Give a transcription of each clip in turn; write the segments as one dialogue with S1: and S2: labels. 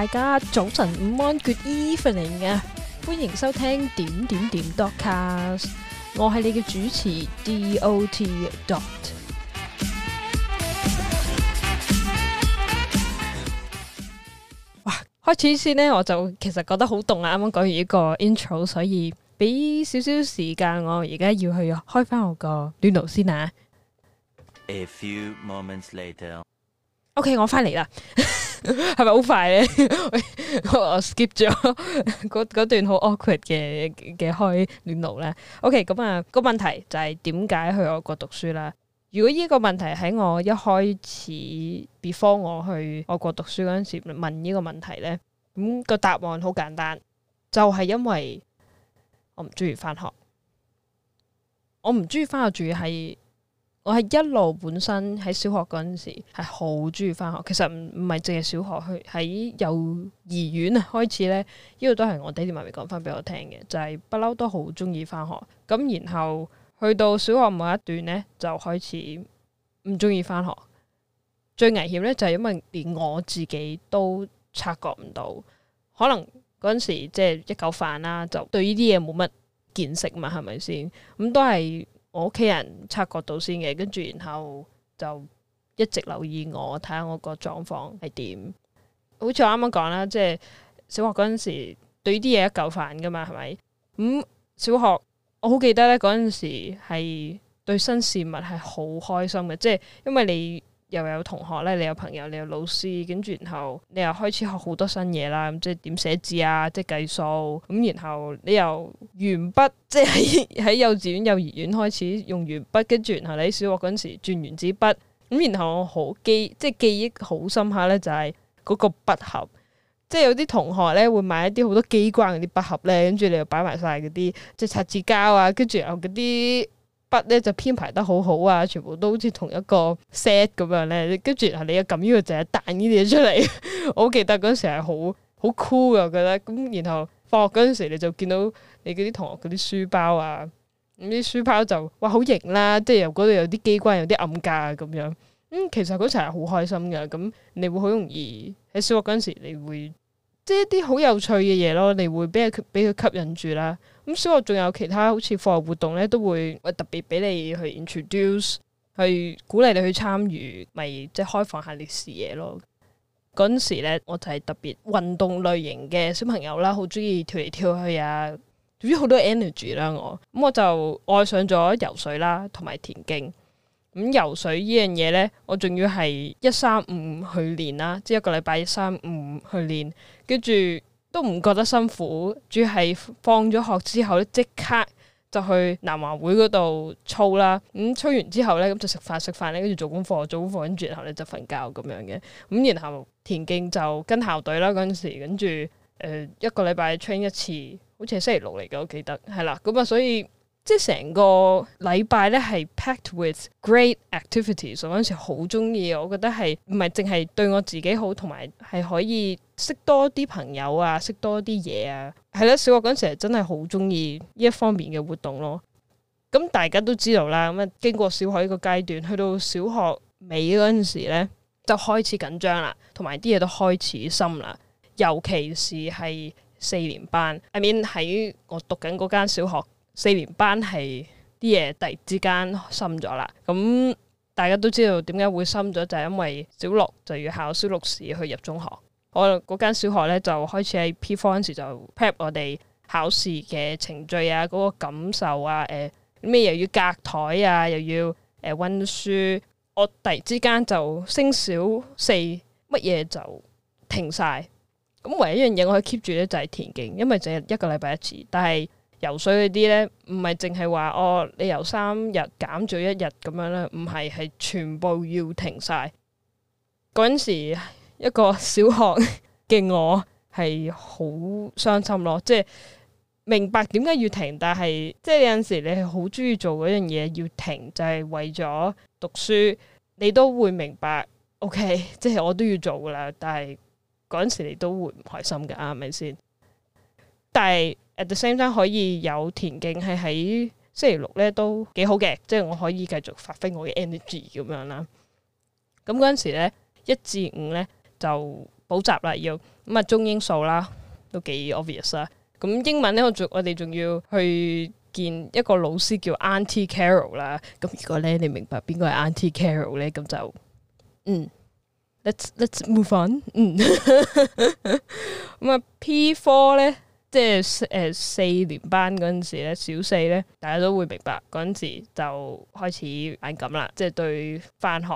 S1: 大家早晨，午安，Good evening 啊！歡迎收聽點點點 Dotcast，我係你嘅主持 dot dot。哇，開始先呢，我就其實覺得好凍啊！啱啱講完一個 intro，所以俾少少時間我而家要去開翻我個暖爐先啊。A few moments later，OK，我翻嚟啦。係咪好快咧？ 我 skip 咗嗰段好 awkward 嘅嘅開暖爐咧。OK，咁啊，個問題就係點解去外國讀書啦？如果呢個問題喺我一開始 before 我去外國讀書嗰陣時問呢個問題咧，咁、個答案好簡單，就係、是、因為我唔中意翻學，我唔中意翻學主要係。我係一路本身喺小學嗰陣時係好中意翻學，其實唔唔係淨係小學去喺幼兒園啊開始咧，呢個都係我爹哋媽咪講翻俾我聽嘅，就係不嬲都好中意翻學。咁然後去到小學某一段咧，就開始唔中意翻學。最危險咧就係因為連我自己都察覺唔到，可能嗰陣時即係一嚿飯啦，就對呢啲嘢冇乜見識嘛，係咪先？咁都係。我屋企人察覺到先嘅，跟住然後就一直留意我，睇下我個狀況係點。好似我啱啱講啦，即係小學嗰陣時對啲嘢一嚿飯噶嘛，係咪？咁、嗯、小學我好記得咧，嗰陣時係對新事物係好開心嘅，即係因為你。又有同學咧，你有朋友，你有老師，跟住然後你又開始學好多新嘢啦，咁即係點寫字啊，即係計數，咁然後你又鉛筆，即係喺喺幼稚園、幼兒園開始用鉛筆，跟住然後你喺小學嗰陣時轉原子筆，咁然後我好記，即係記憶好深刻咧，就係嗰個筆盒，即係有啲同學咧會買一啲好多機關嗰啲筆盒咧，跟住你又擺埋晒嗰啲即係擦紙膠啊，跟住又嗰啲。筆咧就編排得好好啊，全部都好似同一個 set 咁樣咧，跟住係你要撳呢個就彈呢啲嘢出嚟。我好記得嗰時係好好 cool 啊，我覺得咁然後放學嗰陣時，你就見到你嗰啲同學嗰啲書包啊，咁啲書包就哇好型啦，即係又嗰度有啲機關，有啲暗格啊咁樣。嗯，其實嗰時係好開心噶，咁你會好容易喺小學嗰陣時你會。即係一啲好有趣嘅嘢咯，你會俾佢俾佢吸引住啦。咁小學仲有其他好似課外活動咧，都會特別俾你去 introduce，去鼓勵你去參與，咪即係開放下你視野咯。嗰陣時咧，我就係特別運動類型嘅小朋友啦，好中意跳嚟跳去啊，總之好多 energy 啦我。咁我就愛上咗游水啦，同埋田徑。咁游水呢樣嘢咧，我仲要係一三五去練啦，即一個禮拜一三五去練，跟住都唔覺得辛苦，仲要係放咗學之後咧，即刻就去南華會嗰度操啦。咁、嗯、操完之後咧，咁就食飯食飯咧，跟住做功課做功課，跟住然後咧就瞓覺咁樣嘅。咁然後田徑就跟校隊啦，嗰陣時跟住誒一個禮拜 train 一次，好似係星期六嚟嘅，我記得係啦。咁啊，所以。即係成個禮拜咧，係 packed with great activities。我嗰陣時好中意，我覺得係唔係淨係對我自己好，同埋係可以識多啲朋友啊，識多啲嘢，啊係啦。小學嗰陣時真係好中意呢一方面嘅活動咯。咁、嗯、大家都知道啦，咁啊經過小學呢個階段，去到小學尾嗰陣時咧，就開始緊張啦，同埋啲嘢都開始深啦。尤其是係四年班，I mean 喺我讀緊嗰間小學。四年班係啲嘢，突然之間深咗啦，咁、嗯、大家都知道點解會深咗，就係、是、因為小六就要考小六試去入中學，我嗰間小學咧就開始喺 P four 嗰陣時就 prep 我哋考試嘅程序啊，嗰、那個感受啊，誒、呃、咩又要隔枱啊，又要誒、呃、溫書。我突然之間就升小四，乜嘢就停晒，咁、嗯、唯一一樣嘢我可以 keep 住咧就係、是、田徑，因為就係一個禮拜一次，但係。游水嗰啲咧，唔係淨係話哦，你游三日減咗一日咁樣咧，唔係，係全部要停晒。嗰陣時，一個小學嘅我係好傷心咯，即係明白點解要停，但係即係有陣時你係好中意做嗰樣嘢，要停就係為咗讀書，你都會明白。OK，即係我都要做噶啦，但係嗰陣時你都會唔開心噶，係咪先？但係。At the same time, 可以有田徑係喺星期六咧都幾好嘅，即係我可以繼續發揮我嘅 energy 咁樣、嗯、啦。咁嗰陣時咧一至五咧就補習啦，要咁啊中英數啦都幾 obvious 啦。咁英文咧我仲我哋仲要去見一個老師叫 Auntie Carol 啦。咁如果咧你明白邊個係 Auntie Carol 咧，咁就嗯，let's let's move on。嗯，咁啊、嗯、 P Four 咧。即係誒、呃，四年班嗰陣時咧，小四咧，大家都會明白嗰陣時就開始反感啦，即係對翻學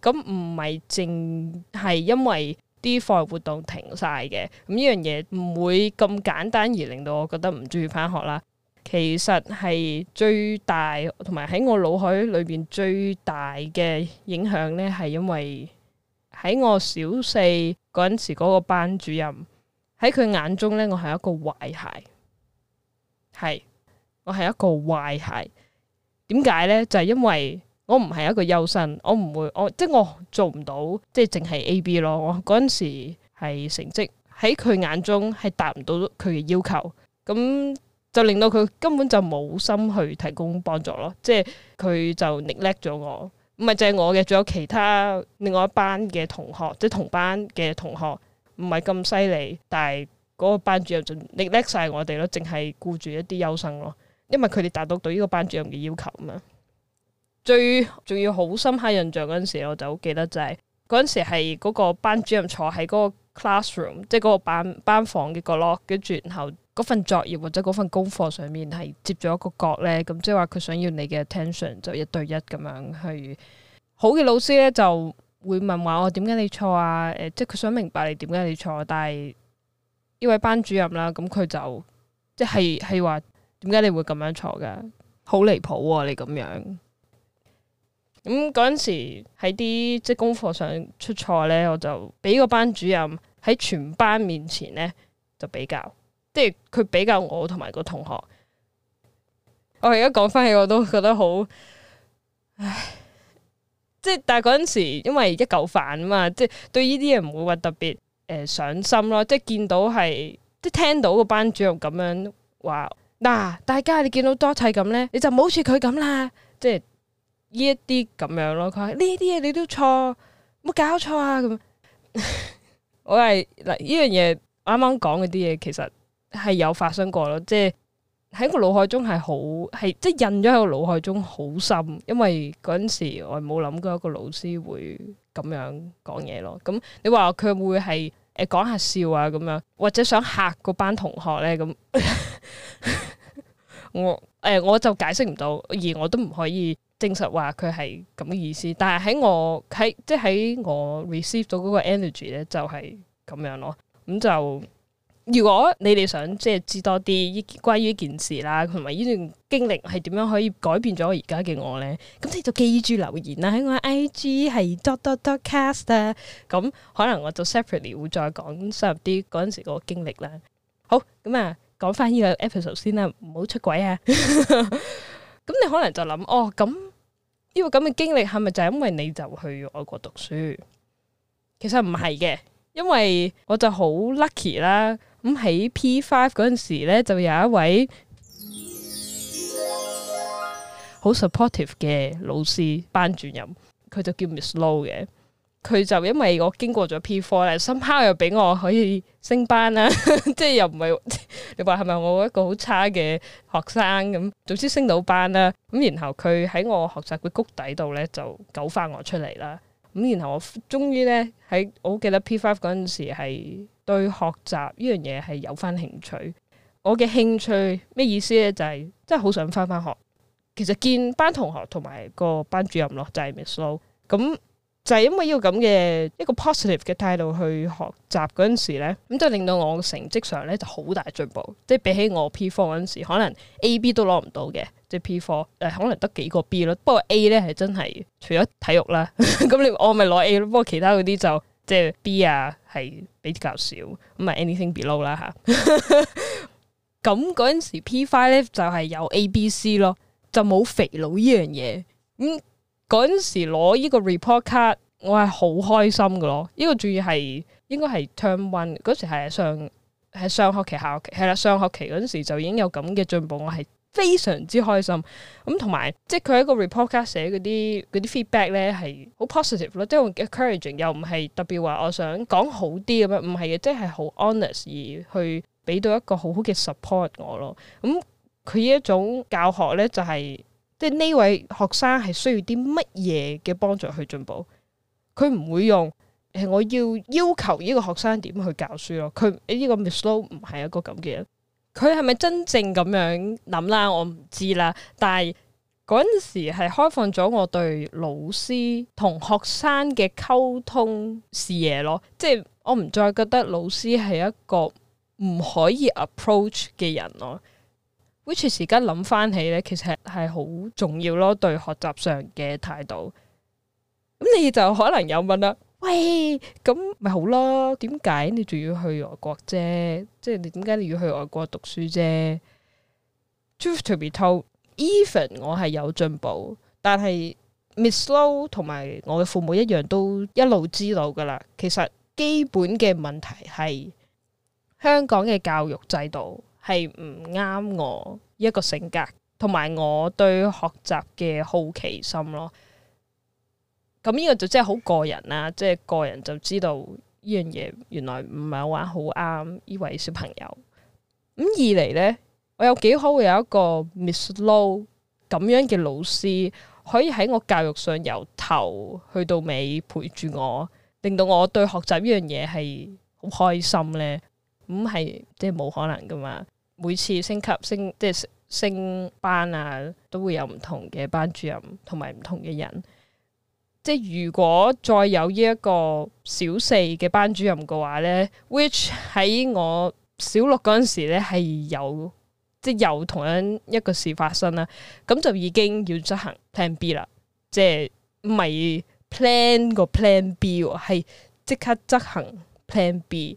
S1: 咁唔係淨係因為啲課外活動停晒嘅，咁呢樣嘢唔會咁簡單而令到我覺得唔中意翻學啦。其實係最大同埋喺我腦海裏邊最大嘅影響咧，係因為喺我小四嗰陣時嗰個班主任。喺佢眼中咧，我係一個壞孩，係我係一個壞孩。點解咧？就係因為我唔係一個優生，我唔會我即係我做唔到，即係淨係 A B 咯。我嗰陣時係成績喺佢眼中係達唔到佢嘅要求，咁就令到佢根本就冇心去提供幫助咯。即係佢就 neglect 咗我，唔係淨係我嘅，仲有其他另外一班嘅同學，即係同班嘅同學。唔係咁犀利，但係嗰個班主任就你叻晒我哋咯，淨係顧住一啲優生咯，因為佢哋達到對呢個班主任嘅要求啊嘛。最仲要好深刻印象嗰陣時，我就好記得就係嗰陣時係嗰個班主任坐喺嗰個 classroom，即係嗰個班班房嘅角落，跟住然後嗰份作業或者嗰份功課上面係接咗一個角咧，咁即係話佢想要你嘅 attention，就一對一咁樣去。好嘅老師咧就。會問話我點解你錯啊？誒、呃，即係佢想明白你點解你錯，但係呢位班主任啦，咁、嗯、佢就即係係話點解你會咁樣錯嘅？好離譜啊！你咁樣咁嗰陣時喺啲即係功課上出錯咧，我就俾個班主任喺全班面前咧就比較，即係佢比較我同埋個同學。我而家講翻起我都覺得好，唉。即係，但係嗰陣時，因為一嚿飯啊嘛，即係對呢啲嘢唔會話特別誒、呃、上心咯。即係見到係，即係聽到個班主任咁樣話：嗱，大家你見到多體咁咧，你就唔好似佢咁啦。即係呢一啲咁樣咯。佢話呢啲嘢你都錯，冇搞錯啊。咁， 我係嗱呢樣嘢，啱啱講嗰啲嘢，其實係有發生過咯。即係。喺我腦海中係好係即係印咗喺我腦海中好深，因為嗰陣時我冇諗過一個老師會咁樣講嘢咯。咁你話佢會係誒講下笑啊咁樣，或者想嚇嗰班同學咧咁？ 我誒、呃、我就解釋唔到，而我都唔可以證實話佢係咁嘅意思。但係喺我喺即係喺我 receive 到嗰個 energy 咧，就係咁樣咯。咁就。如果你哋想即係知多啲依關於呢件事啦，同埋呢段經歷係點樣可以改變咗而家嘅我咧，咁你就記住留言啦，啊，喺我 IG 係 dot dot dot cast 啊。咁可能我就 separately 會再講深入啲嗰陣時個經歷啦。好，咁啊，講翻呢個 episode 先啦，唔好出軌啊。咁你可能就諗哦，咁呢，這個咁嘅，這個，經歷係咪就係因為你就去外國讀書？其實唔係嘅，因為我就好 lucky 啦。咁喺、嗯、P five 陣時咧，就有一位好 supportive 嘅老師班主任，佢就叫 Miss Low 嘅。佢就因為我經過咗 P four 咧，somehow，又俾我可以升班啦，即 係又唔係 你話係咪我一個好差嘅學生咁？總之升到班啦。咁然後佢喺我學習嘅谷底度咧，就救翻我出嚟啦。咁然後我終於咧喺我記得 P five 陣時係。對學習呢樣嘢係有翻興趣，我嘅興趣咩意思咧？就係、是、真係好想翻翻學。其實見班同學同埋個班主任咯，就係、是、Miss Low、嗯。咁就係、是、因為要咁嘅一個 positive 嘅態度去學習嗰陣時咧，咁、嗯、就令到我成績上咧就好大進步。即係比起我 P four 嗰陣時，可能 A B 都攞唔到嘅，即、就、係、是、P four 誒，可能得幾個 B 咯。不過 A 咧係真係除咗體育啦，咁 你我咪攞 A 咯。不過其他嗰啲就即係、就是、B 啊，係。比較少，咁 any 啊 anything below 啦吓，咁嗰陣時 P five 咧就係有 A B C 咯，就冇肥佬依樣嘢，咁嗰陣時攞依個 report card，我係好開心噶咯，呢個注意係應該係 term one 嗰時係上係上學期下學期係啦，上學期嗰陣時就已經有咁嘅進步，我係。非常之開心，咁同埋即係佢喺一個 report 卡寫嗰啲嗰啲 feedback 咧係好 positive 咯，即係 encouraging，又唔係特別話我想講好啲咁樣，唔係嘅，即係好 honest 而去俾到一個好好嘅 support 我咯。咁、嗯、佢一種教學咧就係、是、即係呢位學生係需要啲乜嘢嘅幫助去進步，佢唔會用係我要要求呢個學生點去教書咯，佢呢、這個 miss low 唔係一個咁嘅人。佢係咪真正咁樣諗啦？我唔知啦。但係嗰陣時係開放咗我對老師同學生嘅溝通視野咯，即係我唔再覺得老師係一個唔可以 approach 嘅人咯。which 而家諗翻起咧，其實係好重要咯，對學習上嘅態度。咁你就可能有問啦。喂，咁咪好咯？點解你仲要去外國啫？即係你點解你要去外國讀書啫？Truth be told，even 我係有進步，但係 Miss Low 同埋我嘅父母一樣都一路知道噶啦。其實基本嘅問題係香港嘅教育制度係唔啱我一個性格，同埋我對學習嘅好奇心咯。咁呢個就真係好個人啦，即係個人就知道呢樣嘢原來唔係話好啱呢位小朋友。咁二嚟咧，我有幾可會有一個 Miss Low 咁樣嘅老師，可以喺我教育上由頭去到尾陪住我，令到我對學習呢樣嘢係好開心咧？咁、嗯、係即係冇可能噶嘛？每次升級升即係升班啊，都會有唔同嘅班主任同埋唔同嘅人。即係如果再有呢一個小四嘅班主任嘅話咧，which 喺我小六嗰陣時咧係有即係有同樣一個事發生啦，咁就已經要執行 Plan B 啦，即係唔係 Plan 個 Plan B 係即刻執行 Plan B。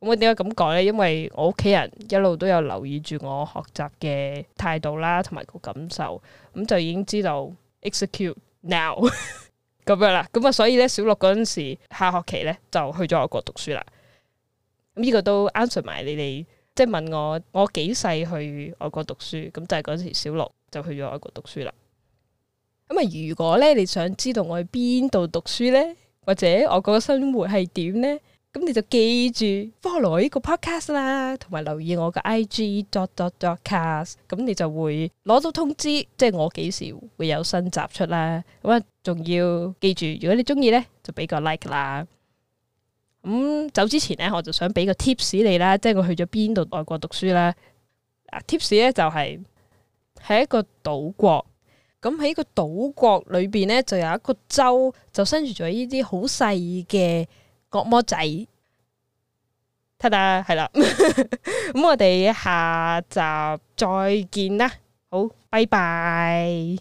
S1: 咁我點解咁講咧？因為我屋企人一路都有留意住我學習嘅態度啦，同埋個感受，咁就已經知道 Execute Now。 咁樣啦，咁啊，所以咧，小六嗰陣時下學期咧就去咗外國讀書啦。咁、這、呢個都 answer 埋你哋，即係問我我幾細去外國讀書，咁就係嗰陣時小六就去咗外國讀書啦。咁啊，如果咧你想知道我去邊度讀書咧，或者我個生活係點咧？咁你就記住 follow 呢個 podcast 啦，同埋留意我嘅 IG dot dot dotcast，咁你就會攞到通知，即係我幾時會有新集出啦。咁啊，仲要記住，如果你中意咧，就俾個 like 啦。咁走之前咧，我就想俾個 tips 你啦，即係我去咗邊度外國讀書啦。啊 tips 咧就係喺一個島國，咁喺個島國裏邊咧就有一個州，就生存咗呢啲好細嘅。角魔仔，得得係啦，咁 我哋下集再見啦，好，拜拜。